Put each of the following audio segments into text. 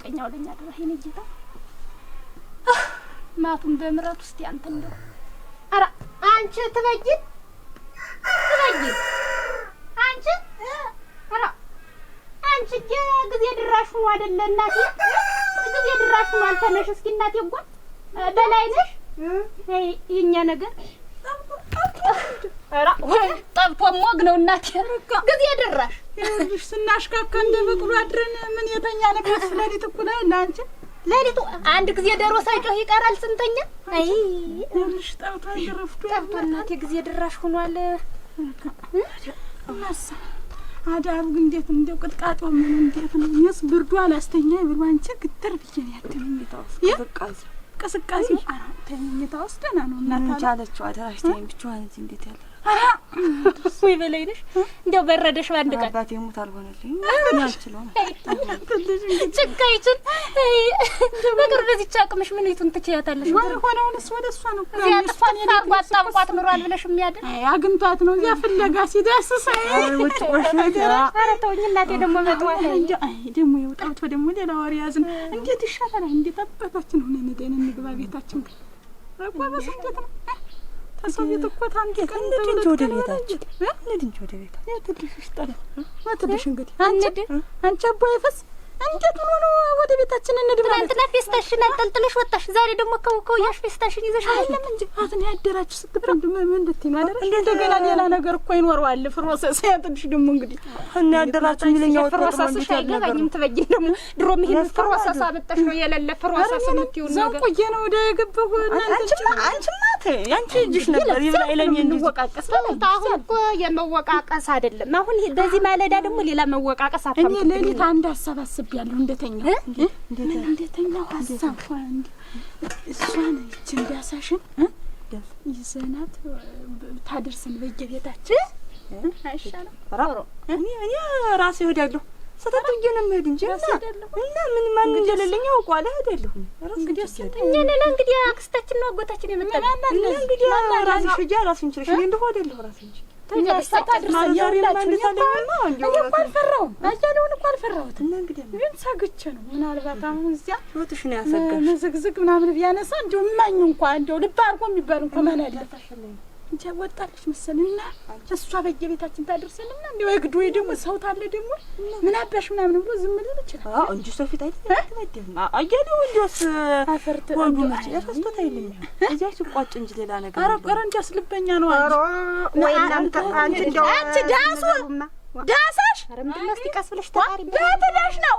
ጠይቀኝ ለኛ አደራ። ይሄን ጌታ ማቱን በምረቱ ውስጥ ያንተ እንደ አራ አንቺ ትበጂ ትበጂ አንቺ አራ አንቺ ጊዜ ድራሹ አይደለ እናቴ፣ ጊዜ ድራሹ አልተነሽ። እስኪ እናቴ እንኳን በላይ ነሽ። የእኛ ነገር አራ ወይ ጠብቶ ሞግ ነው እናቴ ጊዜ ድራሽ ይኸውልሽ ስናሽካካ እንደ በቅሎ አድረን ምን የተኛ ነገር ስለሌት እኮ ላይ ለአንቺ ሌሊቱ አንድ ጊዜ ደሮ ሳይጮህ ይቀራል ስንተኛ። አይ ይኸውልሽ ጠብቷ ይረፍቱ ጠብቷ እናቴ ጊዜ ድራሽ ሆኗል። ማሳ አዳሩ እንዴት እንደው ቅጥቃጦ ምን እንዴት ነው? እኔስ ብርዱ አላስተኛ ብሎ አንቺ ግትር ብዬ ነው ያደረኝ። ቅስቃሴ ተኝታ ውስጥ ደህና ነው እናታ አደራሽ ተኝ ብቻዋን እንዴት ያለ ወይ በላይ ነሽ። እንዲያው በረደሽ በአንድ ቀን አባቴ ሙት አልሆነልኝ አልችለውም። ጭካይቱን በዚች አቅምሽ ምን ይቱን ትችያታለሽ? ሆነውንስ ወደ እሷ ነው ጣንቋት ጣንቋት ኑሯል ብለሽ የሚያድር አግኝቷት ነው እዚያ ፍለጋ ሲዳስስ ውጭ ቆሽ ነገር ኧረ ተውኝ እናቴ። ደግሞ መጥዋት ደግሞ የውጣቶ ደግሞ ሌላ ወሬ ያዝን። እንዴት ይሻላል? እንዴት አባታችን ሆነ ንዴን እንግባ ቤታችን ግን እኮ በስደት ነው ተሰቤት እኮ ታንዴ ቀን እንዴ ወደ ቤታችን እንዴ እንጂ ወደ ቤታችን ትንሽ ይስጠና ማትልሽ እንግዲህ አንቺ አንቺ አባዬ ፈስ እንዴት ሆኖ ነው ወደ ቤታችን እንሂድ ብላ ትናንትና ፌስታሽን አንጠልጥለሽ ወጣሽ። ዛሬ ደግሞ ከውከው ያሽ ፌስታሽን ይዘሽ አይደለም እንጂ አትን ያደራችሁ ስግብር እንዴ ምን እንዴት ይማደረሽ እንዴ እንደገና ሌላ ነገር እኮ ይኖረዋል። ፍሮሰስ ያጥልሽ ደግሞ እንግዲህ እና ያደራችሁ ይለኛው ፍሮሰስ አይገባኝም። ትበይኝ ደግሞ ድሮ ይሄን ፍሮሰስ አመጣሽ ነው የሌለ ፍሮሰስ ነው ትዩን ነገር ዘቆየ ነው ወደ ግብሁ እናንተ አንቺማ አንቺማ ያንቺ እጅሽ ነበር አሁን እኮ የመወቃቀስ አይደለም። አሁን በዚህ ማለዳ ደግሞ ሌላ መወቃቀስ እኔ አንድ ሀሳብ አስቤያለሁ። እንደተኛው እንደተኛው ሀሳብ እሷን እንዳሳሽን ይዘናት ታደርሰን በየቤታችን አይሻልም? እኔ እኔ ራሴ እሄዳለሁ ሰታት እንጂ ነው የምሄድ እንጂ እና ምን ማን እንደሌለኝ አውቀዋለሁ። አይደለሁም እንግዲህ እኛ ነን እንግዲህ አክስታችን ነው አጎታችን የመጣው እና እንግዲህ ራስሽ ሂጂ ራስሽን ችለሽ እኔ እንደሆነ አይደለሁ ራስሽን ችለሽ አያሌውን እኮ አልፈራሁትም። ግን ሰግቼ ነው ምናልባት አሁን እዚያ ነው ያሰጋሽ መዘግዝግ ምናምን ቢያነሳ እንደው እማኝ እንኳ እንደው ልብ አድርጎ የሚባል እንኳ ማን አለ እንጃ ወጣለች መሰልና እሷ በየቤታችን ታደርሰልና እንዲ ወግድ ወይ ደግሞ ሰው ታለ ደግሞ ምን አባሽ ምናምን ብሎ ዝም ልል ይችላል። አዎ እንጂ ሰው ፊት አይተመደብም። አያሌው እንዲያስ አፈርት ወንዱ ልጅ ያፈስቶት አይልም። እዚያ ሲቋጭ እንጂ ሌላ ነገር ኧረ ኧረ እንጂ አስልበኛ ነው። ኧረ ወይ እናንተ አንቺ እንደው አንቺ ዳሱ ዳሳሽ አረ ምንድነው? ነው እስኪ ቀስ ብለሽ ተቃሪ ነው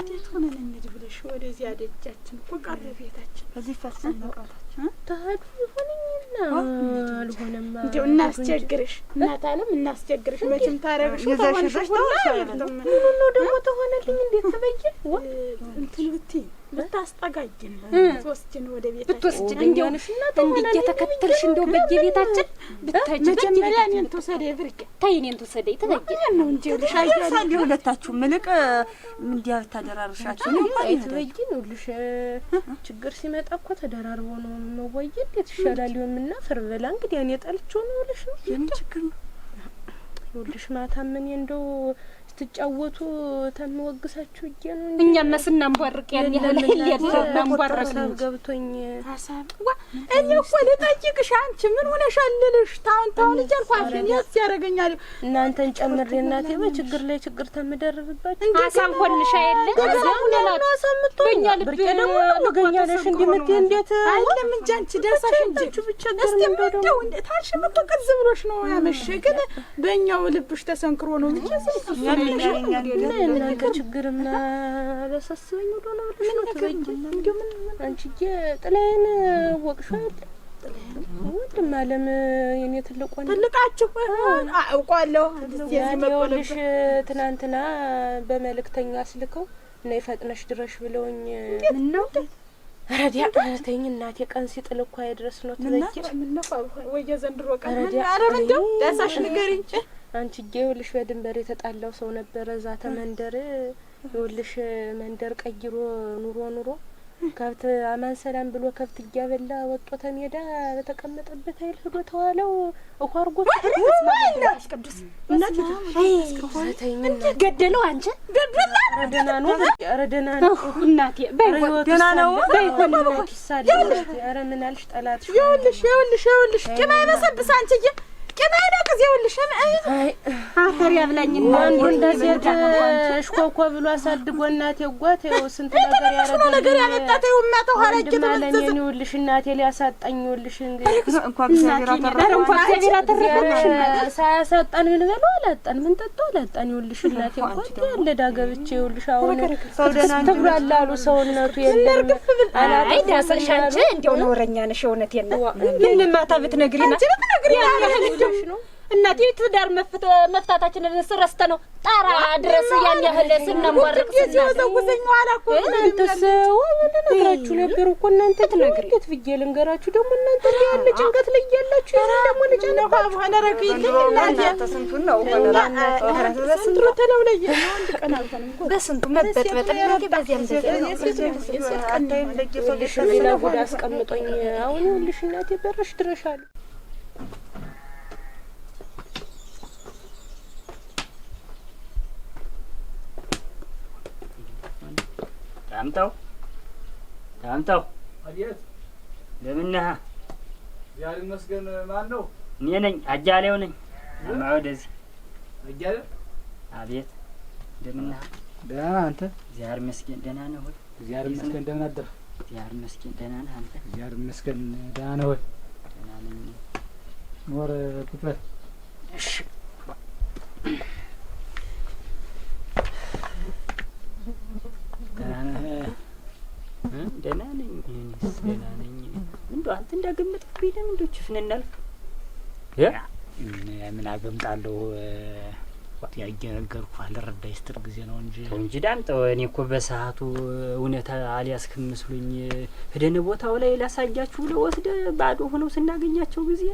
እንዴት ሆነን እንሂድ ብለሽ ወደዚያ ደጃችን እኮ ቀረ ቤታችን። በዚህ ፈርሰን መውጣታችን ተህዱ ይሆንኝና አልሆነም። እንዲያው እናስቸግርሽ እናት አለም እናስቸግርሽ። መቼም ታረግሽ ተሆንሽ ሁላ ደግሞ ተሆነልኝ እንዴት ትበይል እንትን ብትይ ብታስጠጋጅን ብትወስጅን ወደ ቤታችን እንዲያው እንዲህ እየተከተልሽ እንዲያው በየቤታችን ብታጅ እኔን ትውሰደኝ ብርቄ ተይ እኔን ትውሰደኝ ተለየ ነው እንጂ ልሻያ ሁለታችሁ ምልቅ እንዲያ ብታደራርሻችሁ ትበይ ነው ልሽ ችግር ሲመጣ እኮ ተደራርበው ነው መወይ እንዴት ይሻላል ይሆንምና ፈርበላ እንግዲህ እኔ ጠልቼው ነው ልሽ ነው ችግር ነው ልሽ ማታ ምን እንደው ስትጫወቱ ተመወግሳችሁ እጄ ነው እንጂ እኛማ ስናንቧርቅ ያን ያህል ነው ገብቶኝ ዋ እኔ እኮ ልጠይቅሽ አንቺ ምን ሆነሻል ልልሽ ታውን ታውን እያልኩ አልሽኝ ያስ ያደርገኛል እናንተን ጨምሬ እናቴ በችግር ላይ ችግር ተምደርብባችሁ ሀሳብ ሆንሻ የለ በእኛ ልብ ደግሞ ወገኛለሽ እንዲምት እንዴት አይለም እንጂ አንቺ ደሳሽ እንጂ እስቲ ምንደው ታሽ ምቶ ቀዝ ብሎሽ ነው ያመሸ ግን በእኛው ልብሽ ተሰንክሮ ነው ብቻ ከችግር ምና ቢያሳስበኝ ወደ ነው ምን ትበይ እንዲሁ ምን አንቺ ጥላዬን ወቅሽው አይደል? ወንድም አለም የኔ ትልቁ ትልቃችሁ አውቋለሁ። ይኸውልሽ ትናንትና በመልእክተኛ አስልከው ነይ ፈጥነሽ ድረሽ ብለውኝ ምነው ረዲያ ተኝ እናቴ፣ ቀን ሲጥል እኮ አይድረስ ነው ትበይ ምነው ወየ ዘንድሮ ቀን ኧረ ምነው ዳሳሽ ንገሪኝ አንቺ ጌ ይኸውልሽ በድንበር የተጣላው ሰው ነበረ እዛ ተመንደር ይኸውልሽ መንደር ቀይሮ ኑሮ ኑሮ ከብት አማን ሰላም ብሎ ከብት እያበላ ወጦ ተሜዳ በተቀመጠበት አይል ሄዶ ተዋለው እኮ አርጎት ቅዱስ ገደለው። አንቺ ነው? ነው እናቴ። ምን አልሽ? ይኸውልሽ ይኸውልሽ ይኸውልሽ ቂም አይበሰብስ አንቺዬ ጤና ነው ጊዜ ውልሽን አፈር ያብላኝና ወንዱ እንደዚህ ሽኮኮ ብሎ አሳድጎ እናቴ ጓት ይኸው ስንት ነገር ያረገ ነገር ያመጣት ይኸው እናተ ኋላ እጅ ተመዘዘ ነው ውልሽ እናቴ ሊያሳጣኝ ውልሽ እንግዲህ እንኳን እግዚአብሔር አተረፈ እንኳን ሳያሳጣን ምን በሉ አላጣን ምን ጠጡ አላጣን ይውልሽ እናቴ ጓት ያለ ዳገብቼ ይውልሽ አሁን ትጉራላሉ ሰውነቱ የለም አይ ዳሰሻንቺ እንደው ነውረኛ ነሽ እውነቴን ነው ምን ማታ ብትነግሪና አንቺ ብትነግሪና ነው እናቴ ትዳር መፍታታችንን ስረስተ ነው ጣራ ድረስ ያን ያህል ስናሟረቅ ስናዘጉዘኝ ኋላ እኮ ሰው ነግራችሁ ነበር እኮ እናንተ ትነግር ብዬ ልንገራችሁ ደግሞ እናንተ ያለ ጭንቀት ላይ እያላችሁ ያ ደግሞ ነው ስንቱ ተለውለየ አንድ ቀን አልሆንም በዚያም ዘ አስቀምጦኝ አሁን እናቴ በረሽ ታምጣው ታምጣው አዲያት ለምነህ ዛሬ መስገን ማን ነው? እኔ ነኝ፣ አጃሌው ነኝ። አማ ወደዚህ አያሌው። አቤት እንደምነህ። ደህና ነህ አንተ? ዛሬ መስገን ደህና ነህ ወይ? ዛሬ መስገን እንደምን አደርህ? ዛሬ መስገን ደህና ነህ አንተ? ዛሬ መስገን ደህና ነህ ወይ? ደህና ነኝ። ወር ትክክለ እሺ ችፍ ንነልክ ምን አገምጣለሁ አልረዳ ይስጥር ጊዜ ነው እንጂ እንጂ ዳምጠው እኔ እኮ በሰዓቱ እውነት አልያዝክም መስሎኝ ህደን ቦታው ላይ ላሳያችሁ ባዶ ሆነው ስናገኛቸው ጊዜ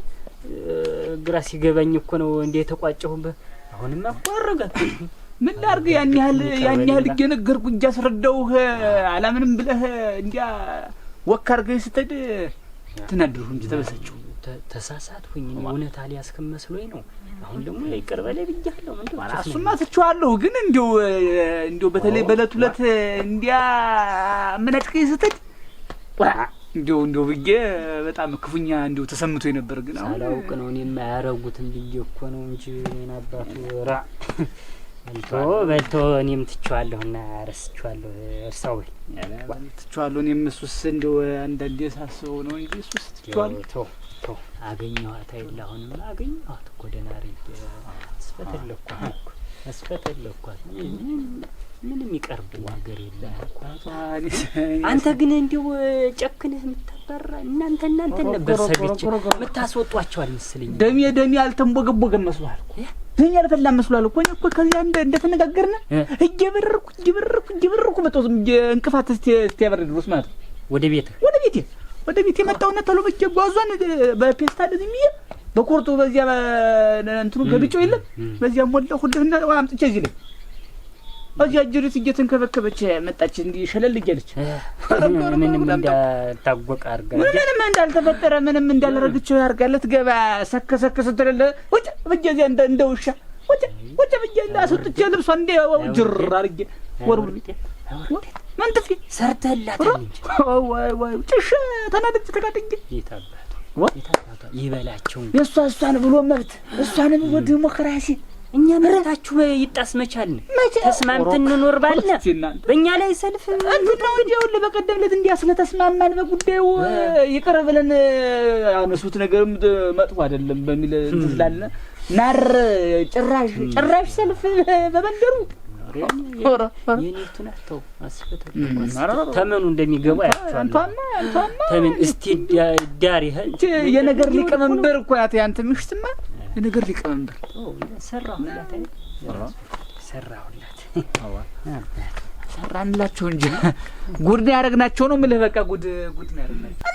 ግራ ሲገባኝ እኮ ነው አሁንም አቋረገ ምን ላርግ? ያን ያህል ያን ያህል እየነገርኩ አላምንም ብለህ እንዲያ ስትሄድ ትናድርሁ እንጂ ተበሳችሁ ተሳሳትሁኝ እውነት አልያዝክም መስሎኝ ነው። አሁን ደግሞ ይቅር በለኝ ብያለሁ። ምንድን ነው እሱማ ትቼዋለሁ፣ ግን እንዲው እንዲው በተለይ በእለት ሁለት እንዲያ መነድከኝ ስትል እንዲው እንዲው ብዬ በጣም ክፉኛ እንዲው ተሰምቶ የነበር ግን አላውቅ ነው እኔ የማያረጉትን ብዬ እኮ ነው እንጂ እኔን አባቱ ራ በልቶ በልቶ እኔም ትቼዋለሁና ረስቼዋለሁ። እርሳው በል ትቼዋለሁ። እኔም እሱስ እንዲው አንዳንዴ ሳስበው ነው እንጂ እሱስ ትችዋለሁ። ተው አገኘኋት አይደል? አሁንማ አገኘኋት እኮ ደህና አድርጌ አስፈተለኳት አስፈተለኳት። ምንም ይቀርብኝ ነገር የለም። አንተ ግን እንዲው ጨክንህ የምታባራ እናንተ እናንተ ነበር ሰግቼ የምታስወጧቸው አልመስለኝም። ደሜ ደሜ አልተንቦገቦገም መስሏል እኮ ይህን ያልፈላ መስሏል እኮ እኮ ከዚያ እንደተነጋገርን እየበረርኩ እየበረርኩ እየበረርኩ መጣሁ። እንቅፋት እስኪያበርድ ድረስ ማለት ወደ ቤት ወደ ቤት ወደ ቤት የመጣውና ተሎ በቼ ጓዟን በፔስታል ዝም ብዬ በቁርጡ በዚያ እንትኑ ገብጮ የለም በዚያ ሞላ ሁልህና አምጥቼ እዚህ ላይ እዚያ ጅሪት እየተንከበከበች መጣች። እንዲህ ሸለል እያለች ምንም እንዳልታወቀ አርጋ ምንም እንዳልተፈጠረ ምንም እንዳልረግቸው ገባ ሰከ ሰከ ስትለለ ውጭ ብዬ እዚያ እንደ ውሻ ውጭ ውጭ ብዬ አስወጥቼ ልብሷ እንደ ጅር አርጌ ወርውር ምን ጥፊ ሰርተህላታል ይበላቸው የእሷ እሷን ብሎ መብት እሷንም ብሎ ዲሞክራሲ እኛ መብታችሁ ይጣስ መቻልን ተስማምተን እንኖር ባለ በእኛ ላይ ሰልፍ እንትን ነው እንጂ ሁሉ በቀደም ዕለት እንዲያ ተስማማን በጉዳዩ ይቅር ብለን አነሱት ነገርም መጥፎ አይደለም በሚል እንትን ናር ጭራሽ ጭራሽ ሰልፍ በመንደሩ ተመኑ እንደሚገቡ ተመን እስቲ ዳር ይህል የነገር ሊቀመንበር እኮ ያት ያንተ ምሽትማ የነገር ሊቀመንበር ሰራሁላት ሰራንላቸው እንጂ ጉድ ያደረግናቸው ነው የምልህ። በቃ ጉድ ጉድ ያደረግናቸው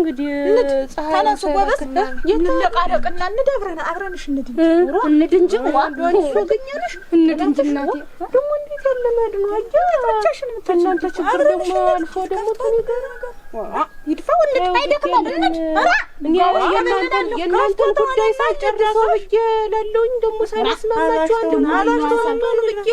እንግዲህ ተነሱ ጎበዝ፣ እንለቃለቅና እንደብረን አብረንሽ እንድ እንድ እንጂ እንድ እንጂ እናንተ ችግር ደግሞ አልፎ ደግሞ ይድፋው እንድ አይደክማል የእናንተን ጉዳይ ሳጨርስ ብዬ ላለውኝ ደግሞ ሳይመስማማችሁ አንድ አላሽ ተሆናሉ ብዬ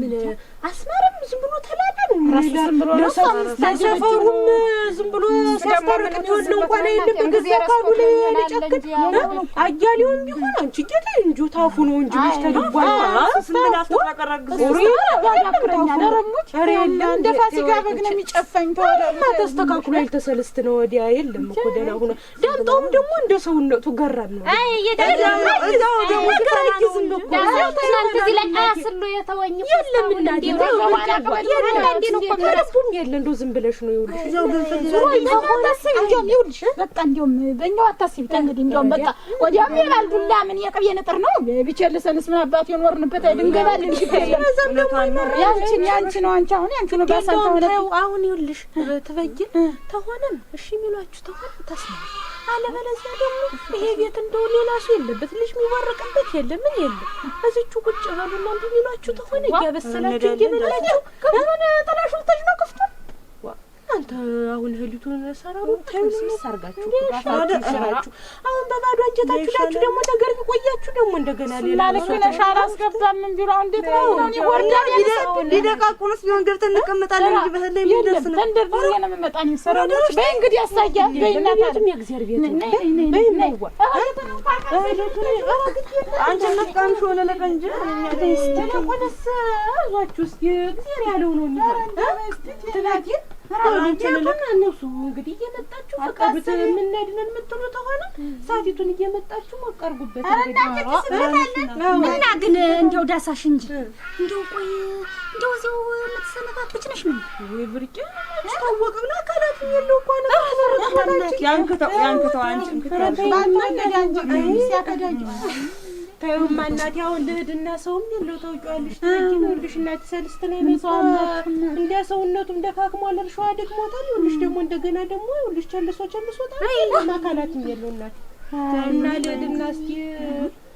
ምን አስማርም ዝም ብሎ ተላላል ለሰፈሩም ዝም ብሎ ሲያስታርቅ ቢሆን እንኳን የለም ጊዜ ካሉ ለጨክት አያሌውም ቢሆን አንቺ ጌታ እንጂ ታፉ ነው እንጂ ልጅ ተድጓል። እንደ ፋሲካ በግ ነው የሚጨፈኝ ተስተካክሎ ያልተሰልስት ነው ወዲያ የለም እኮ ደህና ዳምጣውም ደግሞ እንደ ሰውነቱ ነው ዝም ብሎ እዚህ ላይ የተወኝ የለም እናቴ ነው የለ እንደው ዝም ብለሽ ነው ይኸውልሽ በቃ እንዲያውም በእኛው አታስቢ እንግዲህ እንዲያውም በቃ ወዲያውም ይላል ዱላ ምን የቅቤ ንጥር ነው ቢቸልሰንስ ምን አባቱ የኖርንበት አይደንገባልን ያንቺን ያንቺ ነው አንቺ አሁን ያንቺ ነው ባሳንተ አሁን ይኸውልሽ ትበይን ተሆነም እሺ የሚሏችሁ ተሆነ ታስማ አለበለዚያ ደግሞ ይሄ ቤት እንደው ሌላ ሰው የለበት ልጅ የሚባረቅበት የለ ምን የለ። እዚቹ ቁጭ በሉና እንዲህ ሊሏችሁ ተሆነ እያበሰላችሁ እንዲበላችሁ ምን ጥላሹ ልተጅ ነው ክፍቱን አንተ አሁን ህሊቱን ሰራሩ ታዩሳርጋችሁ አሁን በባዶ አንጀታችሁ ዳችሁ ደግሞ ነገር ቆያችሁ ደግሞ እንደገና ሌላ ሌላሻራ አስገባም ቢሮ እንዴት ሊደቃቁንስ ቢሆን ገብተን እንቀመጣለን እንጂ በህል ላይ የሚደርስ ነው። ተንደርድሬ ነው የምመጣን ይሰራለች። በይ እንግዲህ ያሳያት ታትም የእግዚአብሔር ቤት ነው አንቺነት ቃን ሆነ ለቀ እንጂ ስተለቆደስ ዟችሁ ስ እግዚአብሔር ያለው ነው የሚሆን ትናት እነሱ እንግዲህ እየመጣችሁ የምናድነን የምትሉ ተሆነ ሳቲቱን እየመጣችሁ አቀርጉበት። እና ግን እንዲያው ዳሳሽ እንጂ እንዲያው ቆይ እንዲያው እዚያው የምትሰነባበች ነሽ ምን ወይ ብርቄ ታወቅ ብላ አካላት የለው እኮ ያንክተው ያንክተው አንቺ ታዩማ እናቴ አሁን ልሂድና ሰውም የለው ታውቂዋለሽ። ይኸውልሽ እናቴ ሰልስት ላይ እንደ ሰውነቱም ደካክሟል፣ እርሻዋ ደግሞታል። ይኸውልሽ ደግሞ እንደገና ደግሞ ይኸውልሽ ቸልሶ ቸልሶታል። አካላትም የለው እናቴ እና ልሂድና እስኪ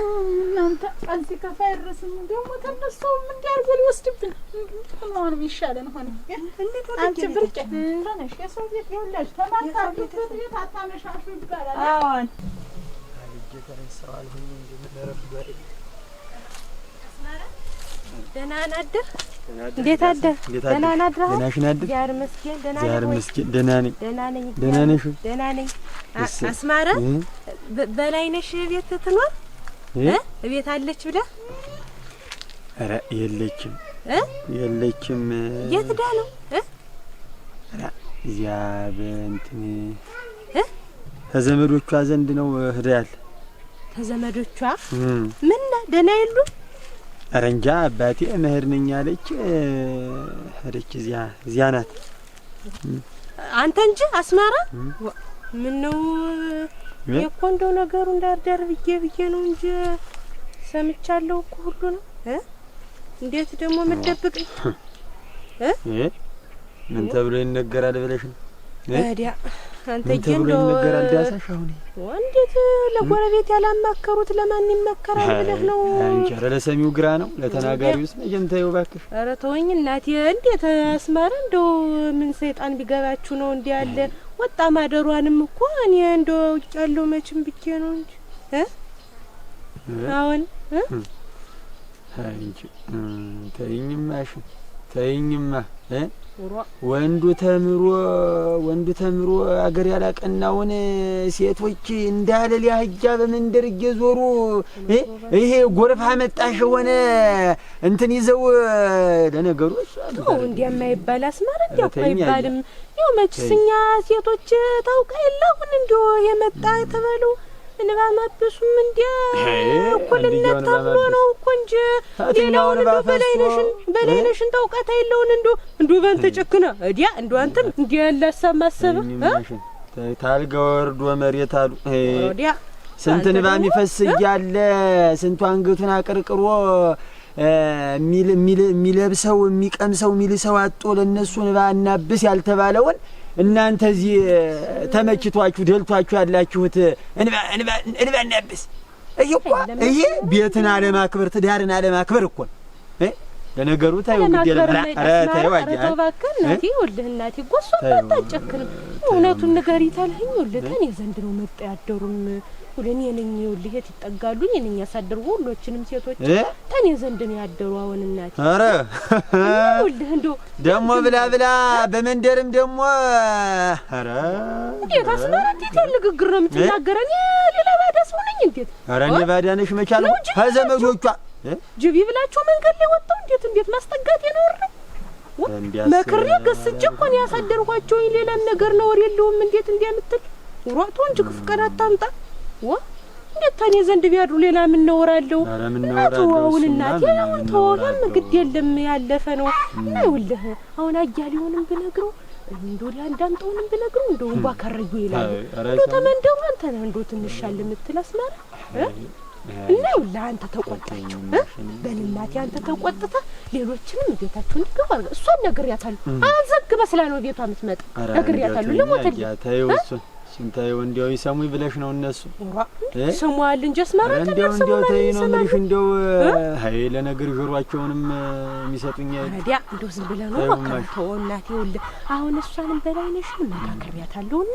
እናንተ እዚህ ከፋ ደግሞ እንዲያርጎ ሊወስድብን ሆነ አንቺ ነሽ። የሰው ቤት ቤት አታመሻሹ ይባላል። አዎን ደህና እንዴት አደር? ደህና ናድር? እግዚአብሔር ይመስገን ደህና ነኝ። ደህና ነኝ። ደህና ነሽ? ደህና ነኝ። አስማረ በላይነሽ ቤት ትኖር እቤት አለች ብለህ? ኧረ የለችም የለችም። የት ዳ ነው? እዚያ በእንትን ከዘመዶቿ ዘንድ ነው ያለ። ከዘመዶቿ ምን ደህና የሉም? ኧረ እንጃ አባቴ መሄድ ነኝ አለች ሄደች። እዚያ እዚያ ናት። አንተ እንጂ አስማራ ምን ነው እኮ እንደው ነገሩ እንዳርዳር ብዬ ብዬ ነው እንጂ ሰምቻለሁ እኮ ሁሉ ነው። እንዴት ደግሞ መደብቅ ምን ተብሎ ይነገራል ብለሽ ነው ታዲያ? አንተዬ እንደው እንዴት ለጎረቤት ያላማከሩት ለማን ይመከራል ብለህ ነው? አንቺ ኧረ ለሰሚው ግራ ነው ለተናጋሪውስ መቼም ተይው እባክሽ። ኧረ ተወኝ እናቴ። እንዴት አስማረ እንደው ምን ሰይጣን ቢገባችሁ ነው እንዲህ ያለ ወጣ ማደሯንም እኮ እኔ እንደው ውጭ ያለው መቼም ብቻ ነው እንጂ እ አሁን እ አንቺ ተይኝማ እሺ ተይኝማ እ ወንዱ ተምሮ ወንዱ ተምሮ አገር ያላቀናውን ሴቶች እንዳለ ሊያህጃ በመንደር እየዞሩ ይሄ ጎርፍ አመጣሽ ሆነ እንትን ይዘው ለነገሩ እንዲያማ ይባል አስማር እንዲያ አይባልም። ያው መችስኛ ሴቶች ታውቃ የለሁን እንዲ የመጣ የተበሉ እንባ ማበሱም እንዲ እኩልነት ተብሎ ነው እኮ እንጂ ሌላውን እንዶ በላይነሽን በላይነሽን ታውቃት የለውን እንዶ እንዶ ባንተ ጨክነ እዲያ እንዶ አንተም እንዲ ያለ ሀሳብ ማሰብ ታልጋ ወርዶ መሬት አሉ እዲያ ስንት እንባ የሚፈስ እያለ ስንቱ አንገቱን አቀርቅሮ የሚለብሰው የሚቀምሰው የሚልሰው አጦ ለእነሱ ንባ እናብስ ያልተባለውን እናንተ እዚህ ተመችቷችሁ ደልቷችሁ ያላችሁት እንባ እናብስ። ይሄ እኮ ይሄ ቤትን አለማክበር ትዳርን አለማክበር እኮ ነው። ለነገሩ ታዩ ግዴላ ኧረ እናቴ ወልህ እናቴ ጎሶ ታጨክን እውነቱን ንገሪታልኝ ወልህ ዘንድ ነው መጣ ያደሩም ሁሉን የነኝ ልሄት ይጠጋሉ የነኝ ያሳደሩ ሁሎችንም ሴቶች ተኔ ዘንድ ነው ያደሩ። አሁን እናቴ አረ ሁልህ እንዶ ደሞ ብላ ብላ በመንደርም ደሞ አረ እንዴት አስማራ እንዴት ያለ ንግግር ነው የምትናገረኝ? ሌላ ባዳ ሰው ነኝ እንዴት? አረ እኔ ባዳ ነሽ መቻለ ከዘመዶቿ ጅቢ ብላቸው መንገድ ላይ ወጣው እንዴት እንዴት ማስጠጋት የኖር ነው መክሬ ገስቼ እኮ ነው ያሳደርኳቸው። ሌላም ነገር ነውር የለውም። እንዴት እንዲያምትል ኑሯ ተው እንጂ ክፉ ቀን አታምጣ። እንዴት ታኔ ዘንድ ቢያድሩ ሌላ ምን ነውራለሁ? እናቱ አሁን እናቴ አሁን ተወራም ግድ የለም ያለፈ ነው እና ይኸውልህ አሁን አያሌውንም ብነግረው እንዶ ላንዳምጠውንም ብነግረው እንዶ እንኳ ከረዩ ይላሉ እንዶ ተመንደው አንተ ነህ እንዶ ትንሽ አለ የምትል አስማራ እና ይኸውልህ አንተ ተቆጣቸው በል እናቴ አንተ ተቆጥተህ ሌሎችንም ቤታችሁ እንዲገባ እሷን ነግሬያታለሁ። አዘግ ስላ ነው ቤቷ የምትመጣ ነግሬያታለሁ። ልሞትልኝ ሽንታዬ ወንዲያው ይሰሙኝ ብለሽ ነው እነሱ ስሟል እንጂ አስመራ እንደው እንደው ተይ ነው የምልሽ። እንደው አይ ለነገር ጆሮአቸውንም የሚሰጡኝ ታዲያ እንደው ዝም ብለህ ነው በቃ ተው እናቴ። ይኸውልህ አሁን እሷንም በላይነሽን መካከሪያታለሁና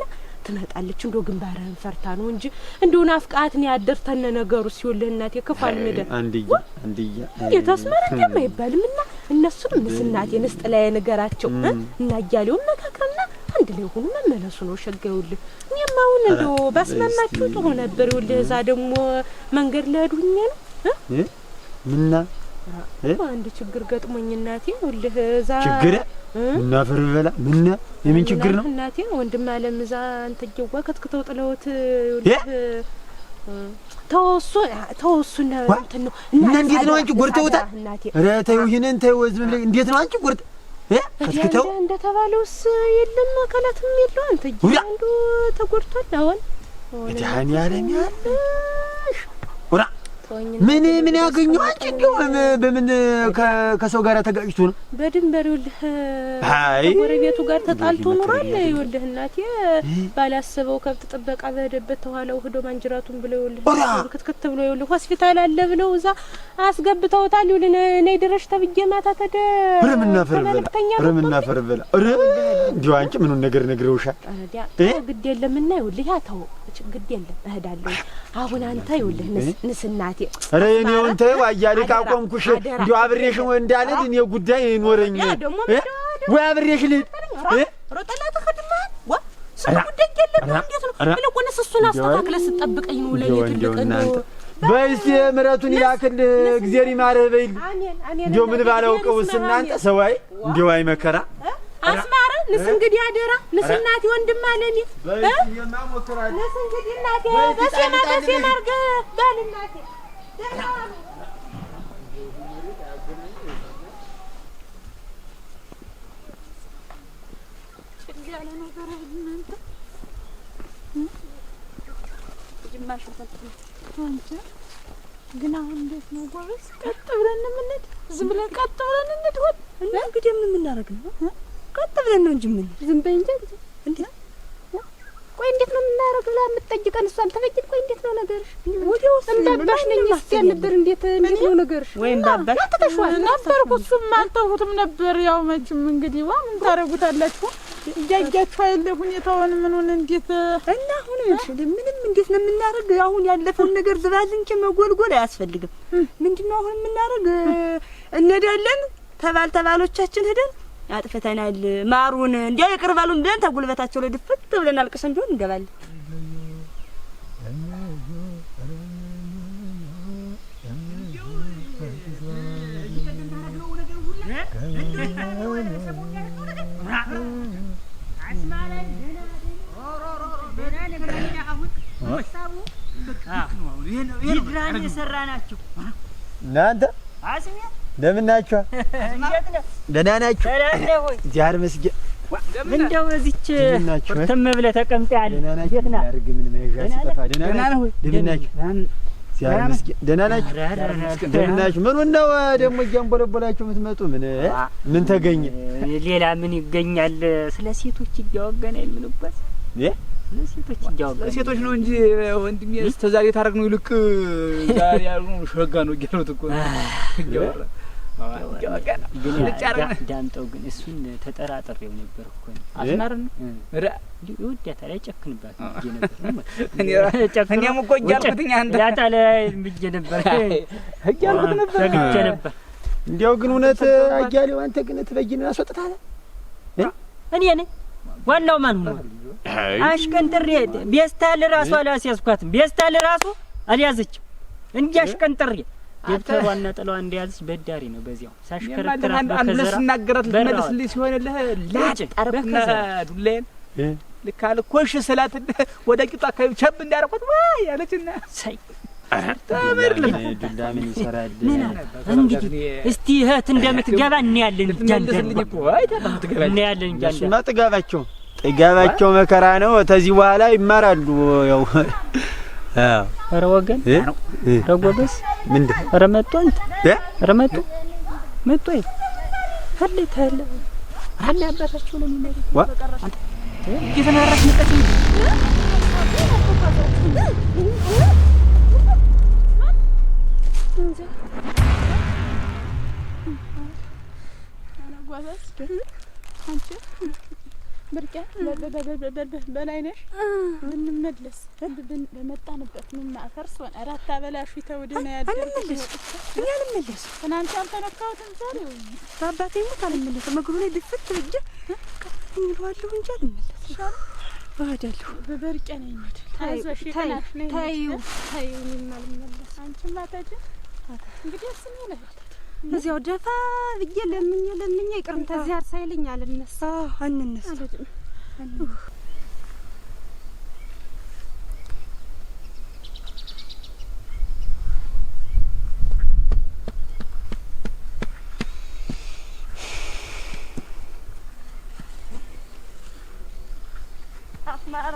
ትመጣለች። እንደው ግንባርህን ፈርታ ነው እንጂ እንደው ነው ያደርተነ ነገሩ ሲወልህ እናቴ ክፋል ምደ አንድያ አንድያ እንዴት አስመራ እንደማይባልምና እነሱንም ምስናቴ ንስጥ ላይ ነገራቸው እና እያሌውን መካከልና መንገድ ላይ ሆኖ መመለሱ ነው ሸጋ። እኔም አሁን እንዶ ባስማማችሁ ጥሩ ነበር። ይኸውልህ እዛ ደግሞ መንገድ ለዱኝ ነው ምና አንድ ችግር ገጥሞኝ እናቴ። ይኸውልህ እዛ ችግር እና ፍር በላ ምና የምን ችግር ነው እናቴ? ወንድም አለም እዛ አንተ ጀዋ ከትክተው ጥለውት ይኸውልህ ተወሱ ተወሱ ነው እንትን ነው እና እንዴት ነው አንቺ ጎርተውታ እናቴ? ኧረ ተይው ይሄንን ተይው። እንዴት ነው አንቺ ጎርተ ከትክተው እንደተባለውስ የለም አካላትም የለው። አንተ አንዱ ተጎድቷል። አሁን ወዲህ ያለም ምን ምን ያገኘው አንቺ እንደው በምን ከሰው ጋር ተጋጭቶ ነው? በድንበር ይኸውልህ፣ አይ ጎረቤቱ ጋር ተጣልቶ ኑሯል። ይኸውልህ እናቴ ባላሰበው ከብት ጥበቃ በሄደበት ተኋላው ሂዶ ማንጅራቱን ብለው ይኸውልህ ክትክት ብሎ ይኸውልህ ሆስፒታል አለ ብለው እዛ አስገብተውታል። ይኸውልህ ነይ ድረሽ ተብዬ ማታ ተደ ረምና ፈርበላ ረምና ፈርበላ ረ እንዲሁ አንቺ ምኑን ነገር ነግረውሻል? ግድ የለምና ይኸውልህ፣ ያ ተው ግድ የለም እሄዳለሁ። አሁን አንተ ይኸውልህ ንስናት እናቴ ኧረ የኔ ወንተ አያሌቃ ቆምኩሽ እንዲ አብሬሽ እንዳልሄድ እኔ ጉዳይ ይኖረኝ ወይ አብሬሽ ልሂድ ሮጠላ ጉዳይ እንዴት ነው እሱን ስጠብቀኝ ነው በይስ ምረቱን ያክልህ እግዜር ይማርህ በይል እንዲሁ ምን ባላውቀውስ እናንተ ሰዋይ እንዲሁ አይ መከራ አስማረ ንስ እንግዲህ አደራ ንስ እናቴ ወንድም አለኒ ንስ እንግዲህ እናቴ በሴማ በሴማ አድርገህ በል እናቴ ግን አሁን እንዴት ነው ጎበዝ? ቀጥ ብለን የምንሄድ ዝም ብለን ቀጥ ብለን እና እንግዲህ ምን የምናደርግ ነው? ቀጥ ብለን ነው እንጂ ምን ዝም በይ እንጂ እንዴ! ቆይ እንዴት ነው የምናደርግ ብላ የምትጠይቀን እሷ ቆይ ነው ነገርሽ? እምባባሽ ነኝ ስትያል ነበር። እንዴት እንዴት ነው ነገርሽ? ወይምባባሽ ትተሽዋል ነበርኩ። እሱም አልተውሁትም ነበር። ያው መችም እንግዲህ ዋ ምን ታደርጉታላችሁ? እያያችሁ አይደለ ሁኔታውን ምኑን እንዴት እና አሁን ምንም እንዴት ነው የምናደርግ? አሁን ያለፈውን ነገር ዝባዝንኬ መጎልጎል አያስፈልግም። ምንድን ነው አሁን የምናደርግ? እንሄዳለን ተባል ተባሎቻችን ሄደን አጥፍተናል ማሩን እንዲያው ይቅር በሉን ብለን ተጉልበታቸው ላይ ድፍት ብለን አልቅሰን ቢሆን እንገባለን። ይድራን የሰራ ናችሁ እናንተ እንደምን ናችሁ? ደህና ናችሁ? ዚያር መስጊድ እንደው እዚች ተም ብለህ ተቀምጠህ ያለ ደህና ናችሁ? ደህና ናችሁ? ምኑን ነው ደግሞ እያንቦለቦላችሁ የምትመጡ? ምን ምን ተገኘ? ሌላ ምን ይገኛል? ስለ ሴቶች እያወገነ የምንበት ሴቶች ሴቶች ነው እንጂ ወንድሜ እስከ ዛሬ ታደርግ ነው ይልቅ ዛሬ ያሉ ሸጋ ነው እያሉት እኮ እያወራ ዳምጠው ግን እሱን ተጠራጥሬው ነበር እኮ ይወዳታል፣ አይጨክንባት እኔም እኮ እያልኩትኝ ያታለ ነበር እያልኩት ነበር ነበር። እንዲያው ግን እውነት አያሌው፣ አንተ ግን ትበይን አስወጥታለ። እኔ ነኝ ዋናው ማን ሆኖ አሽቀንጥሬ ቤስታል ራሱ አላስያዝኳትም። ቤስታል ራሱ አልያዘችም እንዲያሽቀንጥሬ ደብተር ዋና ጥለዋ እንደያዘች በዳሪ ነው። በዚያው ሳሽከረክራት በከዘራ ስናገራት ልትመልስልኝ ሲሆንልህ ላጭ ዱላዬን ልክ አልኮሽ ስላት ወደ ቂጡ አካባቢ ቸብ እንዳያረኩት ዋ ያለችና ሳይ እንግዲህ እስቲ እህት እንደምትገባ እናያለን። እናያለን እሱማ ጥጋባቸው መከራ ነው። ተዚህ በኋላ ይማራሉ ያው ኧረ ወገን ኧረ ጎበዝ ምንድን ኧረ መጡ አንተ ኧረ መጡ መጡ አይ አለ ታለ አለ አባታችሁ ነው የሚመረው አንተ እየተናራክ መጣች ብርቅያ በላይ ነሽ በመጣንበት ምናፈርስ ሆነ ተውድና ያደ አንመለስ ትናንት አልተነካሁትም ዛሬ በአባቴ ሞት አልመለስም እግሩ ላይ ድፍት እንጂ አልመለስም ነው ታይዞሽ ታዩ ታዩ እንግዲህ ስሜ እዚያው ደፋ ብዬ ለምኝ ለምኝ ይቅርምታ እዚህ ሳይልኝ ይልኝ አልነሳ አንነሳ አስማራ